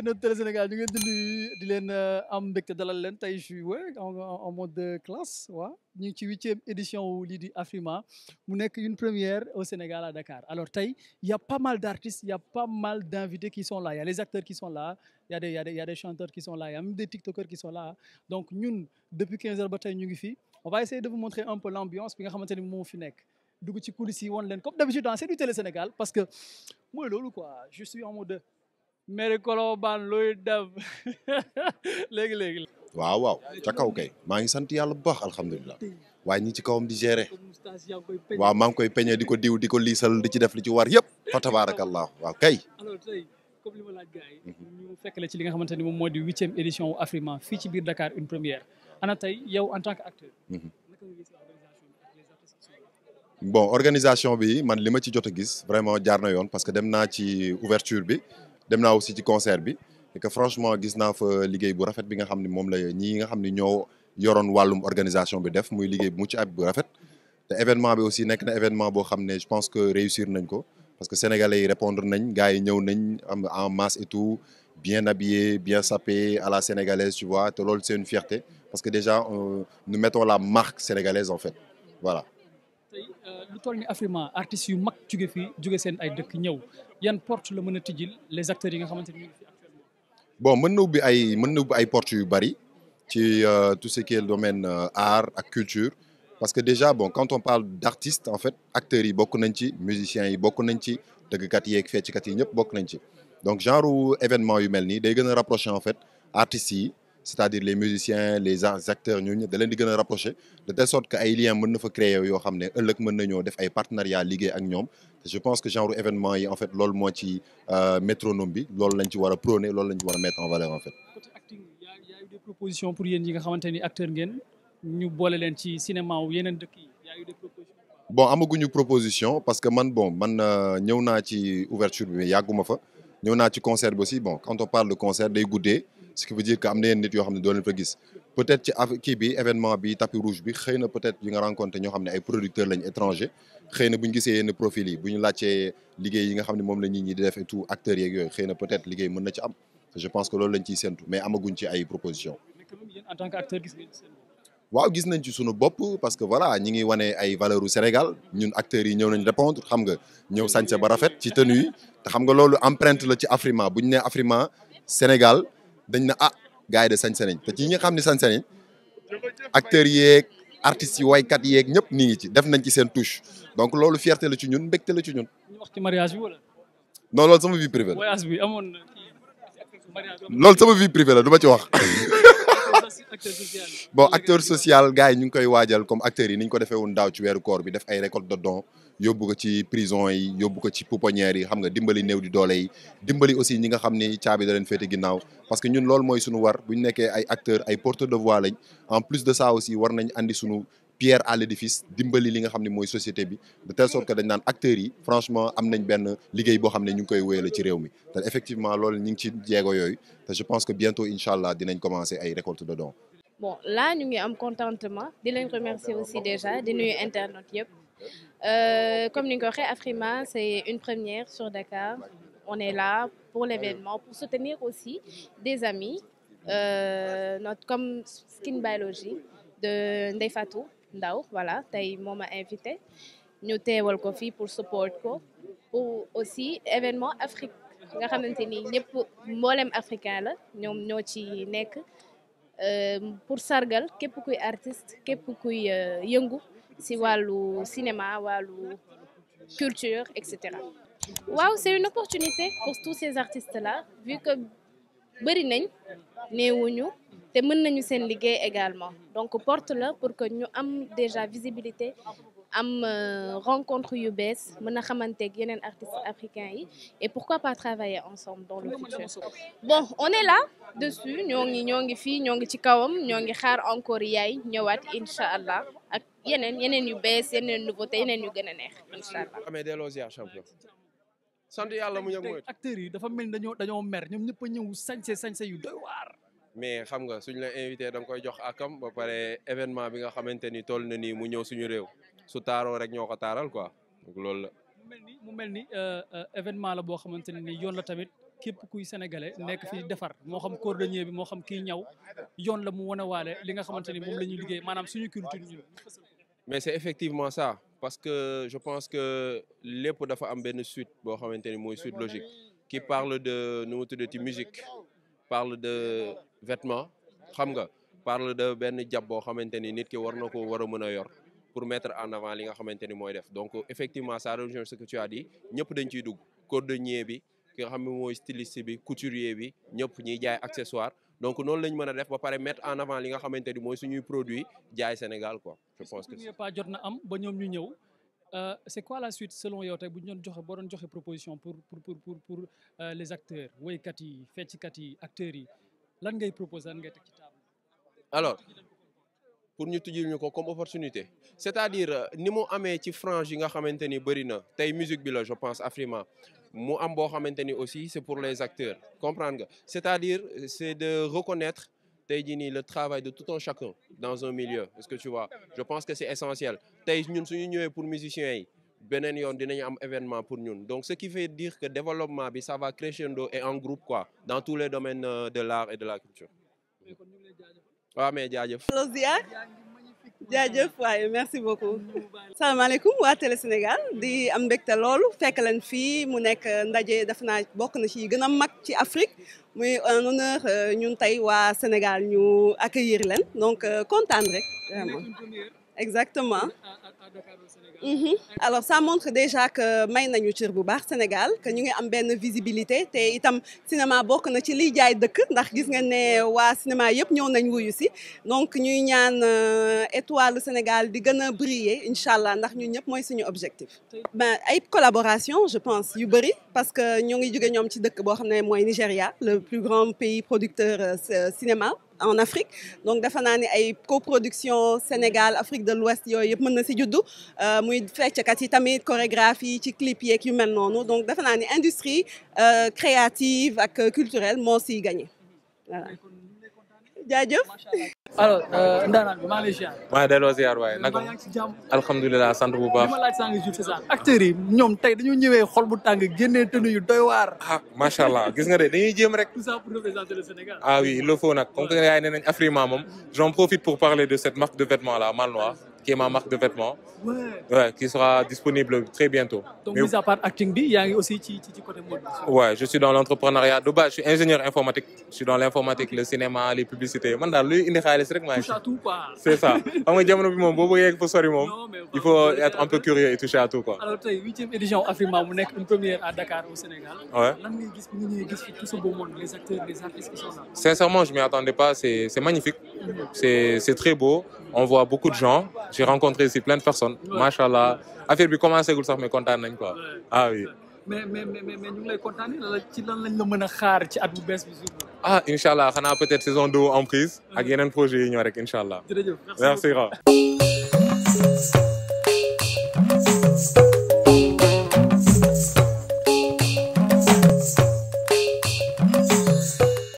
internet Télé Sénégal ñu ngeen di nuyu di leen euh, am mbégte dalal leen tey juillet en mode de euh, classe waaw ñu ngi ci huitième édition wu lii di Afrima mu nekk une première au Sénégal à Dakar alors tey y' a pas mal d' artistes y' a pas mal d' invités qui sont là y' a les acteurs qui sont là y' a des y' a des y' a des chanteurs qui sont là y' a même des tiktokers qui sont là donc ñun depuis 15 heures ba tey ñu ngi fi on va essayer de vous montrer un peu l' ambiance bi nga xamante ni moo fi nekk. dugg ci coulisses yi woon leen comme d' habitude dans c'est du Télé Sénégal parce que mooy loolu quoi je suis en mode. mairie Colobane looy def léegi léegi. waaw waaw ca kaw kay maa ngi sant yàlla bu baax alhamdulilah waaye ñi ci kawam di gérer waaw maa ngi koy peñe di ko diw di ko liisal di ci def li ci war yëpp fa tabaarakallah waaw kay. fekk la ci li nga xamante ni moom moo di huitième édition wu Afrima fii ci biir Dakar une première ana tey yow en tant que acteur. Mhm. bon organisation bi man li ma ci jot a gis vraiment jaar na yoon parce que dem naa ci ouverture bi. dem naa aussi ci concert bi et que franchement gis naa fa liggéey bu rafet bi nga xam ne moom la ñii nga xam ne ñoo yoroon wàllum organisation bi def muy liggéey bu mucc ab bu rafet te événement bi aussi nekk na événement boo xam ne je pense que réussir nañ ko parce que sénégalais yi répondre nañ gars yi ñëw nañ am en masse et tout bien habillé bien sapé à la sénégalaise tu te loolu c'est une fierté parce que déjà euh, nous mettons la marque sénégalaise en fait voilà tey euh, lu toll ni Afrima artistes yu mag juge fi juge seen ay dëkk ñëw yan porte la mën a tijjil les acteurs yi nga xamante ni ñu ngi fi actuellement. bon mën na ubbi ay mën na ay portes yu bari ci euh, tout ce qui est le domaine euh, art ak culture parce que déjà bon quand on parle d'artistes en fait acteurs yi bokk nañ ci musiciens yi bokk nañ ci dëggkat yi ak fecckat yi ñëpp bokk nañ ci donc genre événement yu mel nii day gën a rapproché en fait artistes yi. c'est-à-dire les musiciens les acteurs ñooñu ñëpp da leen di gën a rapproché de telle sorte que ay liens mën na fa créer yoo xam ne ëllëg mën nañoo def ay partenariat liggéey ak ñoom te je pense que genre événement yi en fait loolu moo ci euh, métronome bi loolu lañ ci war a prôner loolu lañ ci war a mettre en valeur en fait. côté a y des propositions pour yéen yi nga xamante ni acteur ngeen ñu boole leen ci cinéma wu yeneen dëkk yi propositions. amaguñu proposition parce que man bon man euh, ñëw naa ci ouverture bi yàgguma fa ñëw naa ci concert bi aussi bon quand on parle day guddee. ce qui veut dire que am na yenn nit yoo xam ne doo leen fa gis peut-être ci af kii bi événement bi tapis rouge bi xëy peut-être yi ñoo xam ne ay producteurs lañ étranger bu ñu gisee yenn profil yi bu ñu laajtee liggéey yi nga xam ne moom la nit ñi di def et tout acteurs yeeg yooyu xëy peut-être liggéey mën na ci am je pense que loolu lañ ciy séntu mais amaguñ ci ay proposition en tant qu'acteur gis waaw gis nañ ci sunu bopp parce que voilà ñi ngi wane ay valeur Sénégal ñun acteurs yi ñëw nañ répondre xam nga ñëw sañse ba rafet ci tenue te xam nga loolu empreinte la ci Afrima bu ñu nee Afrima Sénégal dañ na ah gars yi de sañse nañ te ci ñi nga xam ne sañse nañ acteurs yeeg artistes yi waykat yeeg ñëpp ni ngi ci def nañ ci seen touche donc loolu fierté la ci ñun mbégte la ci ñun. ñu wax mariage bi wala. non sama vie privée la. voyage amoon loolu sama vie privée la du ma ci wax. bon acteur social gars yi ñu ngi koy waajal comme acteurs yi ni ko defee woon daaw ci weeru koor bi def ay récolte de dons yóbbu ko ci prison yi yóbbu ko ci pouponnières yi xam nga dimbali néew di doole yi dimbali aussi ñi nga xam ni caabi da leen féete ginnaaw parce que ñun lool mooy suñu war bu ñu nekkee ay acteurs ay porteurs de voix lañ en plus de ça aussi war nañ andi suñu pierre à l'édifice dimbali li nga xam ne mooy société bi de telle sorte que dañ naan acteurs yi franchement am nañ benn liggéey boo xam ne ñu koy wéyale ci réew mi te effectivement loolu ñu ngi ci jeego yooyu te je pense que bientôt incha allah dinañ commencer ay récolte de dons là ñu ngi am contentement di lañ remercier aussi déjà di nuyu internautes yëpp euh, comme ni nga ko waxee Afrima c'est une première sur Dakar on est là pour l'événement pour soutenir aussi des amis euh, notre comme Skin Biology de Ndeye Fatou Ndaw voilà tey moo ma invité ñu teewal ko fii pour support ko pour aussi événement Afrique nga xamante ni ñëpp mboolem africain la ñoom ñoo ci nekk euh, pour sargal képp kuy artiste képp kuy euh, yëngu si wàllu cinéma wàllu culture et waaw c'est une opportunité pour tous ces artistes là vu que bëri nañ néewuñu te mën nañu seen liggéey également. donc porte la pour que ñu am déjà visibilité am euh, rencontre yu bees mën a xamante ak yeneen artistes africains yi et pourquoi pas travailler ensemble dans le futur bon on est là dessus ñoo ngi ñoo ngi fii ñoo ngi ci kawam ñoo ngi xaar encore yaay ñëwaat incha allah ak yeneen yeneen yu bees yeneen nouveauté yeneen yu gën a neex incha allah. amee delloo mu yëg yi dafa mel ni dañoo dañoo mer ñëpp a ñëw sañse sañse yu doy waar. mais xam nga suñ la invité da nga koy jox akam ba pare événement bi nga xamante ni toll na nii mu ñëw suñu réew su taaroo rek ñoo ko taaral quoi donc loolu la. mu mel ni mu mel euh, euh, événement la boo xamante ne ni yoon la tamit képp kuy sénégalais nekk fi defar moo xam cordonnier bi moo xam kiy ñaw yoon la mu wane waale li nga xamante ni moom la ñuy liggéey maanaam suñu culture ñun. mais c'est effectivement ça parce que je pense que lépp dafa am benn suite boo xamante ni mooy suite logique qui parle de nu mu tuddati musique. parle de vêtements xam nga parle de benn jab boo xamante ni nit ki war na ko war a mën a yor pour mettre en avant li nga xamante ni mooy def donc effectivement ça rejoint ce que tu as dit ñëpp dañ ciy dugg cordonnier bi ki xam ne mooy styliste bi couturier bi ñëpp ñuy jaay accessoire donc noonu lañ mën a def ba pare mettre en avant li nga xamante ni mooy suñuy produit jaay Sénégal quoi je pense que pas jot na am ba ñoom ñu ñëw Euh, c'est quoi la suite selon yow tey bu ñu doon joxe boo doon joxe proposition pour pour pour pour euh, les acteurs woykat yi fecckat yi acteurs yi lan ngay proposer lan teg ci table. alors pour ñu tijjil ñu ko comme opportunité c'est-à-dire euh, ni mu amee ci frange yi nga xamante ni bëri na tey musique bi je pense Afrima mu am boo xamante ni aussi c'est pour les acteurs comprendre nga c'est-à-dire c'est de reconnaître. tey jii nii le travail de tout un chacun dans un milieu est-ce que tu vois je pense que c'est essentiel tey ñun suñu ñëwee pour musiciens yi beneen yoon dinañu am événement pour ñun donc ce qui veut dire que développement bi ça va crescendo et en groupe quoi dans tous les domaines euh, de l'art et de la culture waaw mais jaajëf jaajëf waaye merci beaucoup salaamaaleykum waa Télé Sénégal di am mbégte loolu fekk leen fii mu nekk ndaje def naa bokk na ci gën a mag ci Afrique muy honneur euh, ñun tey waa Sénégal ñu accueillir leen donc euh, kontaan rek exactement Mhm. alors ça montre déjà que may nañu cër bu baax Sénégal que ñu ngi am benn visibilité te itam cinéma bokk na ci liy jaay dëkk ndax gis nga ne waa cinéma yëpp ñëw nañu wuyu si donc ñuy ñaan euh, étoile Sénégal di gën a briller incha allah ndax ñun ñëpp mooy suñu objectif. ben ay collaboration je pense yu bëri parce que ñoo ngi juge ñoom ci dëkk boo xam ne mooy Nigéria le plus grand pays producteur euh, cinéma. en Afrique donc defe naa ni ay coproduction Sénégal Afrique de l'Ouest yooyu yëpp mën na si juddu euh, muy fecckat yi tamit chorégraphie ci clip yeeg yu mel noonu donc defe ni industrie euh, créative ak culturelle moo siy gagné jaajëf. alors euh, ndaanaan bi maa ngi lay maa ngi delloo ziar waaye naka. alhamdulilah bu baax. li ma laaj yi ñoom tey dañoo ñëwee xol bu tàng génnee tenue yu doy waar. ah macha allah gis nga de dañuy jëm rek. tout ça pour représenter ah oui il faut nag comme que yaay Afrima moom j'en profite pour parler de cette marque de vêtements là Malnoir. qui est ma marque de vêtements. Ouais. ouais qui sera disponible très bientôt. Donc, Mais... mis a je suis dans l'entrepreneuriat. De base, je ingénieur informatique. Je suis dans l'informatique, le cinéma, les publicités. Man daal luy indi xaalis rek maa ngi. Touche à tout curieux et toucher à tout quoi. Sincèrement, je m'y pas, c'est magnifique. c'est très beau on voit beaucoup de gens j'ai rencontré ici plein de personnes macha allah affaire bi commencé gul sax mais kontaan nañ quoi ah oui. mais mais mais la mën a xaar ci at bu bees bi. ah incha allah xanaa peut-être saison 2 en prise. ak yeneen projets yi ñëw rek incha allah. merci merci